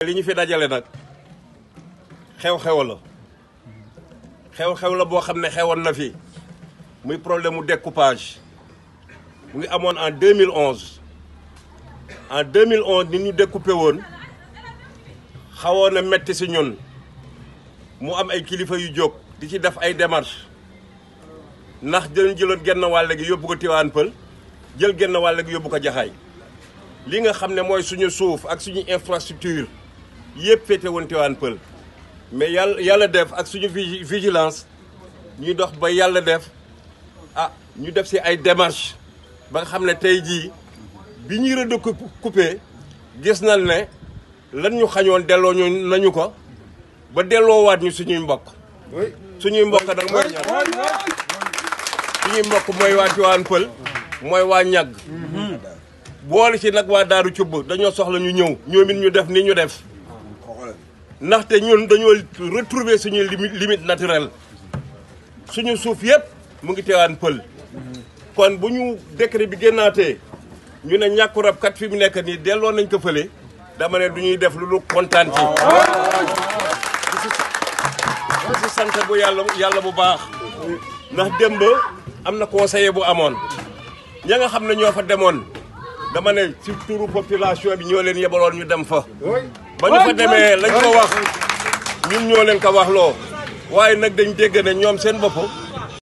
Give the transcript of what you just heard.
liñu fi dajalé nak xew-xew la xew-xew la boo xam ne na fi muy problème mu découpage mu ngi en 2011 en 2011 ni ñu découpé won xawoon metti ci ñun mu am ay kilifa yu jog di ci def ay démarche nax dañu jëlone genn walé gi yóbbu ko Tivaouane Peulh jël genn walé gi yóbbu ko Jaxaay li nga xamné moy suñu souf ak suñu infrastructure yëpp féete woon Tivaouane Peulh mais yalla yàlla def ak suñu vigilance ñuy dox ba yalla def ah ñu def ci ay démarches ba nga xam ne tey jii bi ñuy redécoupé gis nañ ne lan ñu xañoon delloo ñu nañu ko ba delloowaat ñu suñu mbokk suñuy mbokk nag mooy ñan suñuy mbokk mooy waa Tivaouane Peulh mooy waa ñàgg mm-hmm. boole ci nak wa daaru ciub dañu soxla ñu ñew ñoomit ñu def ni ñu def ndaxte ñun dañoo retrouver suñu limite naturelle suñu suuf yëpp mu ngi teewaan pël kon bu ñu décret bi génnaatee ñu ne ñàkku rab kat fi mu nekk nii delloo nañ ko fële dama ne du ñuy def lu lu kontaan ci si sant bu yàlla yàlla bu baax ndax démb am na conseiller bu amoon ña nga xam ne ñoo fa demoon dama ne ci turu population bi ñoo leen yebaloon ñu dem fa. ba ñu fa demee lañ ko wax ñun ñoo leen ko wax loo waaye nag dañ dégg ne ñoom seen bopp.